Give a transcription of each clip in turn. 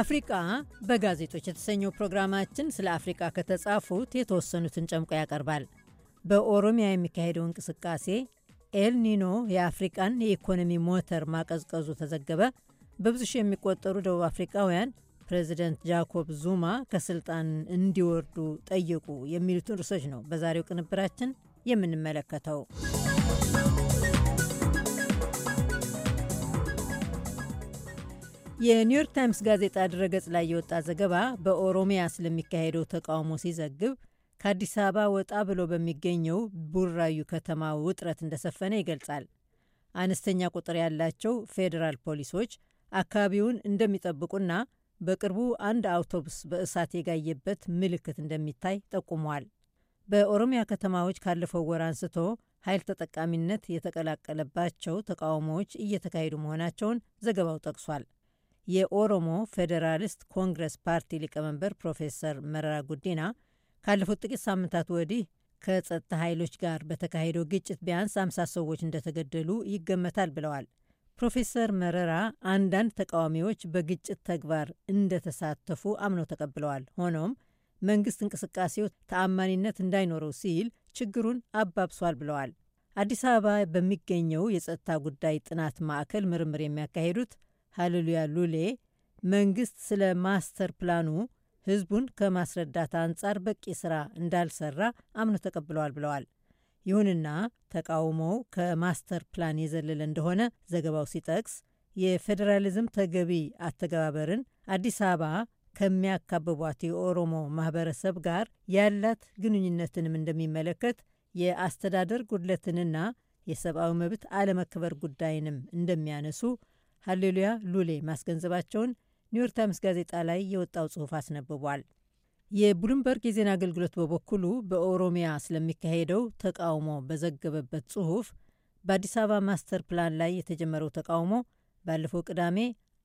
አፍሪቃ በጋዜጦች የተሰኘው ፕሮግራማችን ስለ አፍሪቃ ከተጻፉት የተወሰኑትን ጨምቆ ያቀርባል። በኦሮሚያ የሚካሄደው እንቅስቃሴ፣ ኤልኒኖ የአፍሪቃን የኢኮኖሚ ሞተር ማቀዝቀዙ ተዘገበ፣ በብዙ ሺህ የሚቆጠሩ ደቡብ አፍሪቃውያን ፕሬዚደንት ጃኮብ ዙማ ከስልጣን እንዲወርዱ ጠየቁ የሚሉትን ርዕሶች ነው በዛሬው ቅንብራችን የምንመለከተው። የኒውዮርክ ታይምስ ጋዜጣ ድረገጽ ላይ የወጣ ዘገባ በኦሮሚያ ስለሚካሄደው ተቃውሞ ሲዘግብ ከአዲስ አበባ ወጣ ብሎ በሚገኘው ቡራዩ ከተማ ውጥረት እንደሰፈነ ይገልጻል። አነስተኛ ቁጥር ያላቸው ፌዴራል ፖሊሶች አካባቢውን እንደሚጠብቁና በቅርቡ አንድ አውቶቡስ በእሳት የጋየበት ምልክት እንደሚታይ ጠቁሟል። በኦሮሚያ ከተማዎች ካለፈው ወር አንስቶ ኃይል ተጠቃሚነት የተቀላቀለባቸው ተቃውሞዎች እየተካሄዱ መሆናቸውን ዘገባው ጠቅሷል። የኦሮሞ ፌዴራሊስት ኮንግረስ ፓርቲ ሊቀመንበር ፕሮፌሰር መረራ ጉዲና ካለፉት ጥቂት ሳምንታት ወዲህ ከጸጥታ ኃይሎች ጋር በተካሄደው ግጭት ቢያንስ አምሳ ሰዎች እንደተገደሉ ይገመታል ብለዋል። ፕሮፌሰር መረራ አንዳንድ ተቃዋሚዎች በግጭት ተግባር እንደተሳተፉ አምነው ተቀብለዋል። ሆኖም መንግስት እንቅስቃሴው ተአማኒነት እንዳይኖረው ሲል ችግሩን አባብሷል ብለዋል። አዲስ አበባ በሚገኘው የጸጥታ ጉዳይ ጥናት ማዕከል ምርምር የሚያካሂዱት ሃሌሉያ ሉሌ መንግስት ስለ ማስተር ፕላኑ ህዝቡን ከማስረዳት አንጻር በቂ ስራ እንዳልሰራ አምኖ ተቀብለዋል ብለዋል። ይሁንና ተቃውሞው ከማስተር ፕላን የዘለለ እንደሆነ ዘገባው ሲጠቅስ የፌዴራሊዝም ተገቢ አተገባበርን አዲስ አበባ ከሚያካብቧት የኦሮሞ ማህበረሰብ ጋር ያላት ግንኙነትንም እንደሚመለከት የአስተዳደር ጉድለትንና የሰብአዊ መብት አለመከበር ጉዳይንም እንደሚያነሱ ሃሌሉያ ሉሌ ማስገንዘባቸውን ኒውዮርክ ታይምስ ጋዜጣ ላይ የወጣው ጽሑፍ አስነብቧል። የብሉምበርግ የዜና አገልግሎት በበኩሉ በኦሮሚያ ስለሚካሄደው ተቃውሞ በዘገበበት ጽሑፍ በአዲስ አበባ ማስተር ፕላን ላይ የተጀመረው ተቃውሞ ባለፈው ቅዳሜ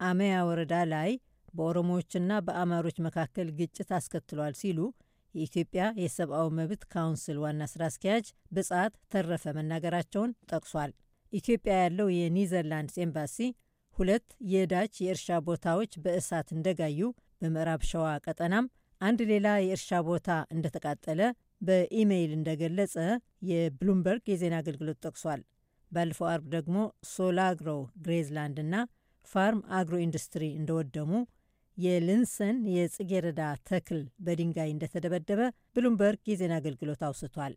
አመያ ወረዳ ላይ በኦሮሞዎችና በአማሮች መካከል ግጭት አስከትሏል ሲሉ የኢትዮጵያ የሰብአዊ መብት ካውንስል ዋና ስራ አስኪያጅ ብጻት ተረፈ መናገራቸውን ጠቅሷል። ኢትዮጵያ ያለው የኒዘርላንድስ ኤምባሲ ሁለት የዳች የእርሻ ቦታዎች በእሳት እንደጋዩ፣ በምዕራብ ሸዋ ቀጠናም አንድ ሌላ የእርሻ ቦታ እንደተቃጠለ በኢሜይል እንደገለጸ የብሉምበርግ የዜና አገልግሎት ጠቅሷል። ባለፈው አርብ ደግሞ ሶላግሮ ግሬዝላንድ እና ፋርም አግሮ ኢንዱስትሪ እንደወደሙ የልንሰን የጽጌረዳ ተክል በድንጋይ እንደተደበደበ ብሉምበርግ የዜና አገልግሎት አውስቷል።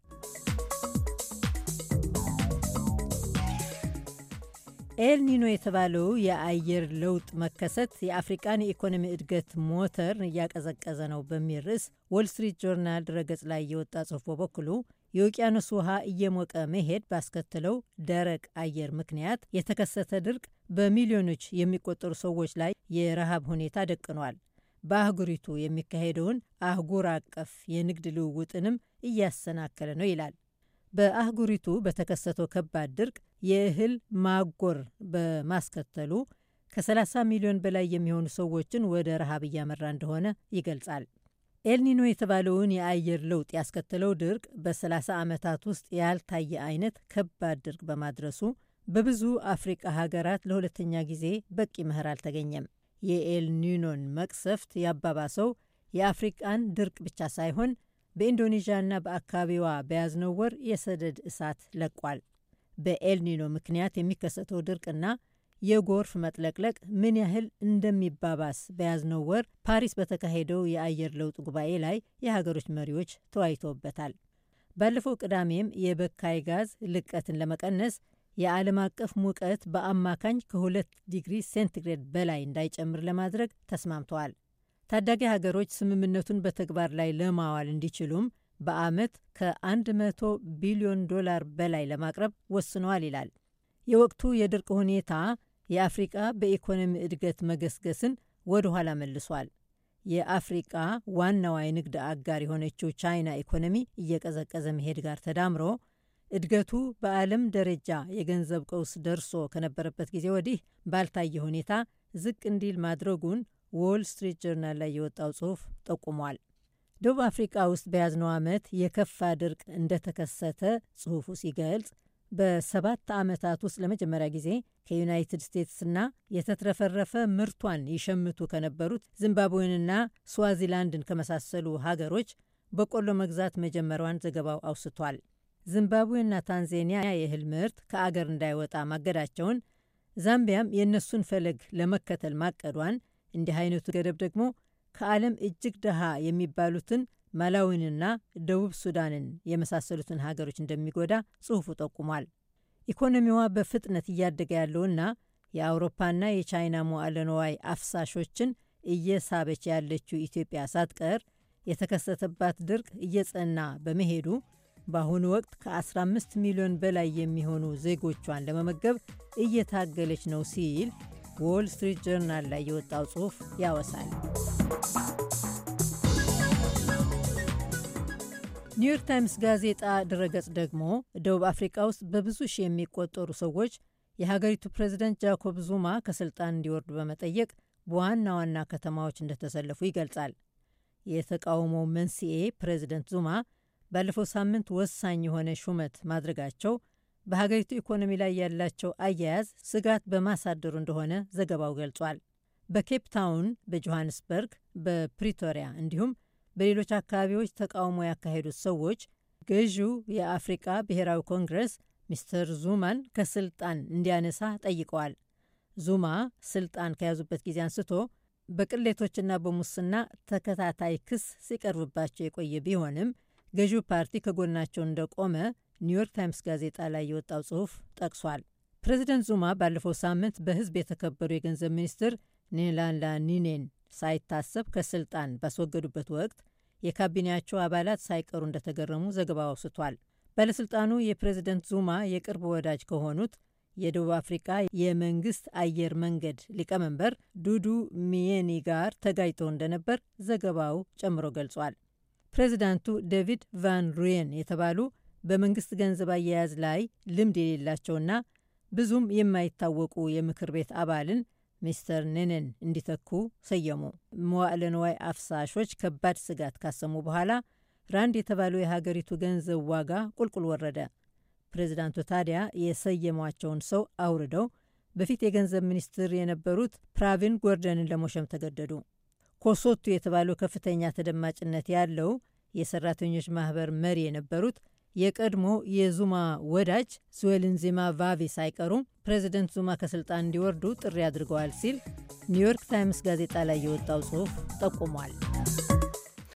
ኤልኒኖ የተባለው የአየር ለውጥ መከሰት የአፍሪቃን የኢኮኖሚ እድገት ሞተር እያቀዘቀዘ ነው በሚል ርዕስ ዎል ጆርናል ድረገጽ ላይ የወጣ ጽሑፍ በበኩሉ የውቅያኖስ ውሃ እየሞቀ መሄድ ባስከተለው ደረቅ አየር ምክንያት የተከሰተ ድርቅ በሚሊዮኖች የሚቆጠሩ ሰዎች ላይ የረሃብ ሁኔታ ደቅኗል፣ በአህጉሪቱ የሚካሄደውን አህጉር አቀፍ የንግድ ልውውጥንም እያሰናከለ ነው ይላል። በአህጉሪቱ በተከሰተው ከባድ ድርቅ የእህል ማጎር በማስከተሉ ከ30 ሚሊዮን በላይ የሚሆኑ ሰዎችን ወደ ረሃብ እያመራ እንደሆነ ይገልጻል። ኤልኒኖ የተባለውን የአየር ለውጥ ያስከተለው ድርቅ በ30 ዓመታት ውስጥ ያልታየ አይነት ከባድ ድርቅ በማድረሱ በብዙ አፍሪቃ ሀገራት ለሁለተኛ ጊዜ በቂ መኸር አልተገኘም። የኤልኒኖን መቅሰፍት ያባባሰው የአፍሪቃን ድርቅ ብቻ ሳይሆን በኢንዶኔዥያና በአካባቢዋ በያዝነው ወር የሰደድ እሳት ለቋል። በኤልኒኖ ምክንያት የሚከሰተው ድርቅና የጎርፍ መጥለቅለቅ ምን ያህል እንደሚባባስ በያዝነው ወር ፓሪስ በተካሄደው የአየር ለውጥ ጉባኤ ላይ የሀገሮች መሪዎች ተወያይተውበታል። ባለፈው ቅዳሜም የበካይ ጋዝ ልቀትን ለመቀነስ የዓለም አቀፍ ሙቀት በአማካኝ ከሁለት ዲግሪ ሴንቲግሬድ በላይ እንዳይጨምር ለማድረግ ተስማምተዋል። ታዳጊ ሀገሮች ስምምነቱን በተግባር ላይ ለማዋል እንዲችሉም በዓመት ከ100 ቢሊዮን ዶላር በላይ ለማቅረብ ወስነዋል ይላል። የወቅቱ የድርቅ ሁኔታ የአፍሪቃ በኢኮኖሚ እድገት መገስገስን ወደ ኋላ መልሷል። የአፍሪቃ ዋናዋ የንግድ አጋር የሆነችው ቻይና ኢኮኖሚ እየቀዘቀዘ መሄድ ጋር ተዳምሮ እድገቱ በዓለም ደረጃ የገንዘብ ቀውስ ደርሶ ከነበረበት ጊዜ ወዲህ ባልታየ ሁኔታ ዝቅ እንዲል ማድረጉን ዎል ስትሪት ጆርናል ላይ የወጣው ጽሑፍ ጠቁሟል። ደቡብ አፍሪቃ ውስጥ በያዝነው ዓመት የከፋ ድርቅ እንደተከሰተ ጽሑፉ ሲገልጽ በሰባት ዓመታት ውስጥ ለመጀመሪያ ጊዜ ከዩናይትድ ስቴትስና የተትረፈረፈ ምርቷን ይሸምቱ ከነበሩት ዚምባብዌንና ስዋዚላንድን ከመሳሰሉ ሀገሮች በቆሎ መግዛት መጀመሯን ዘገባው አውስቷል። ዚምባብዌና ታንዛኒያ የእህል ምርት ከአገር እንዳይወጣ ማገዳቸውን፣ ዛምቢያም የእነሱን ፈለግ ለመከተል ማቀዷን እንዲህ አይነቱ ገደብ ደግሞ ከዓለም እጅግ ድሃ የሚባሉትን ማላዊንና ደቡብ ሱዳንን የመሳሰሉትን ሀገሮች እንደሚጎዳ ጽሑፉ ጠቁሟል። ኢኮኖሚዋ በፍጥነት እያደገ ያለውና የአውሮፓና የቻይና መዋዕለ አፍሳሾችን እየሳበች ያለችው ኢትዮጵያ ሳትቀር የተከሰተባት ድርቅ እየጸና በመሄዱ በአሁኑ ወቅት ከ15 ሚሊዮን በላይ የሚሆኑ ዜጎቿን ለመመገብ እየታገለች ነው ሲል ዎል ስትሪት ጆርናል ላይ የወጣው ጽሑፍ ያወሳል። ኒውዮርክ ታይምስ ጋዜጣ ድረገጽ ደግሞ ደቡብ አፍሪካ ውስጥ በብዙ ሺህ የሚቆጠሩ ሰዎች የሀገሪቱ ፕሬዚደንት ጃኮብ ዙማ ከስልጣን እንዲወርዱ በመጠየቅ በዋና ዋና ከተማዎች እንደተሰለፉ ይገልጻል። የተቃውሞው መንስኤ ፕሬዚደንት ዙማ ባለፈው ሳምንት ወሳኝ የሆነ ሹመት ማድረጋቸው በሀገሪቱ ኢኮኖሚ ላይ ያላቸው አያያዝ ስጋት በማሳደሩ እንደሆነ ዘገባው ገልጿል። በኬፕ ታውን፣ በጆሃንስበርግ፣ በፕሪቶሪያ እንዲሁም በሌሎች አካባቢዎች ተቃውሞ ያካሄዱት ሰዎች ገዢው የአፍሪቃ ብሔራዊ ኮንግረስ ሚስተር ዙማን ከስልጣን እንዲያነሳ ጠይቀዋል። ዙማ ስልጣን ከያዙበት ጊዜ አንስቶ በቅሌቶችና በሙስና ተከታታይ ክስ ሲቀርብባቸው የቆየ ቢሆንም ገዢው ፓርቲ ከጎናቸው እንደቆመ ኒውዮርክ ታይምስ ጋዜጣ ላይ የወጣው ጽሑፍ ጠቅሷል። ፕሬዚደንት ዙማ ባለፈው ሳምንት በሕዝብ የተከበሩ የገንዘብ ሚኒስትር ኔላንላ ኒኔን ሳይታሰብ ከስልጣን ባስወገዱበት ወቅት የካቢኔያቸው አባላት ሳይቀሩ እንደተገረሙ ዘገባው አውስቷል። ባለሥልጣኑ የፕሬዚደንት ዙማ የቅርብ ወዳጅ ከሆኑት የደቡብ አፍሪካ የመንግስት አየር መንገድ ሊቀመንበር ዱዱ ሚየኒ ጋር ተጋጭተው እንደነበር ዘገባው ጨምሮ ገልጿል። ፕሬዚዳንቱ ዴቪድ ቫን ሩየን የተባሉ በመንግስት ገንዘብ አያያዝ ላይ ልምድ የሌላቸውና ብዙም የማይታወቁ የምክር ቤት አባልን ሚስተር ነነን እንዲተኩ ሰየሙ። መዋዕለ ንዋይ አፍሳሾች ከባድ ስጋት ካሰሙ በኋላ ራንድ የተባለው የሀገሪቱ ገንዘብ ዋጋ ቁልቁል ወረደ። ፕሬዚዳንቱ ታዲያ የሰየሟቸውን ሰው አውርደው በፊት የገንዘብ ሚኒስትር የነበሩት ፕራቪን ጎርደንን ለመሾም ተገደዱ። ኮሶቱ የተባለው ከፍተኛ ተደማጭነት ያለው የሰራተኞች ማህበር መሪ የነበሩት የቀድሞ የዙማ ወዳጅ ዜማ ቫቬ ሳይቀሩም ፕሬዚደንት ዙማ ከስልጣን እንዲወርዱ ጥሪ አድርገዋል ሲል ኒውዮርክ ታይምስ ጋዜጣ ላይ የወጣው ጽሑፍ ጠቁሟል።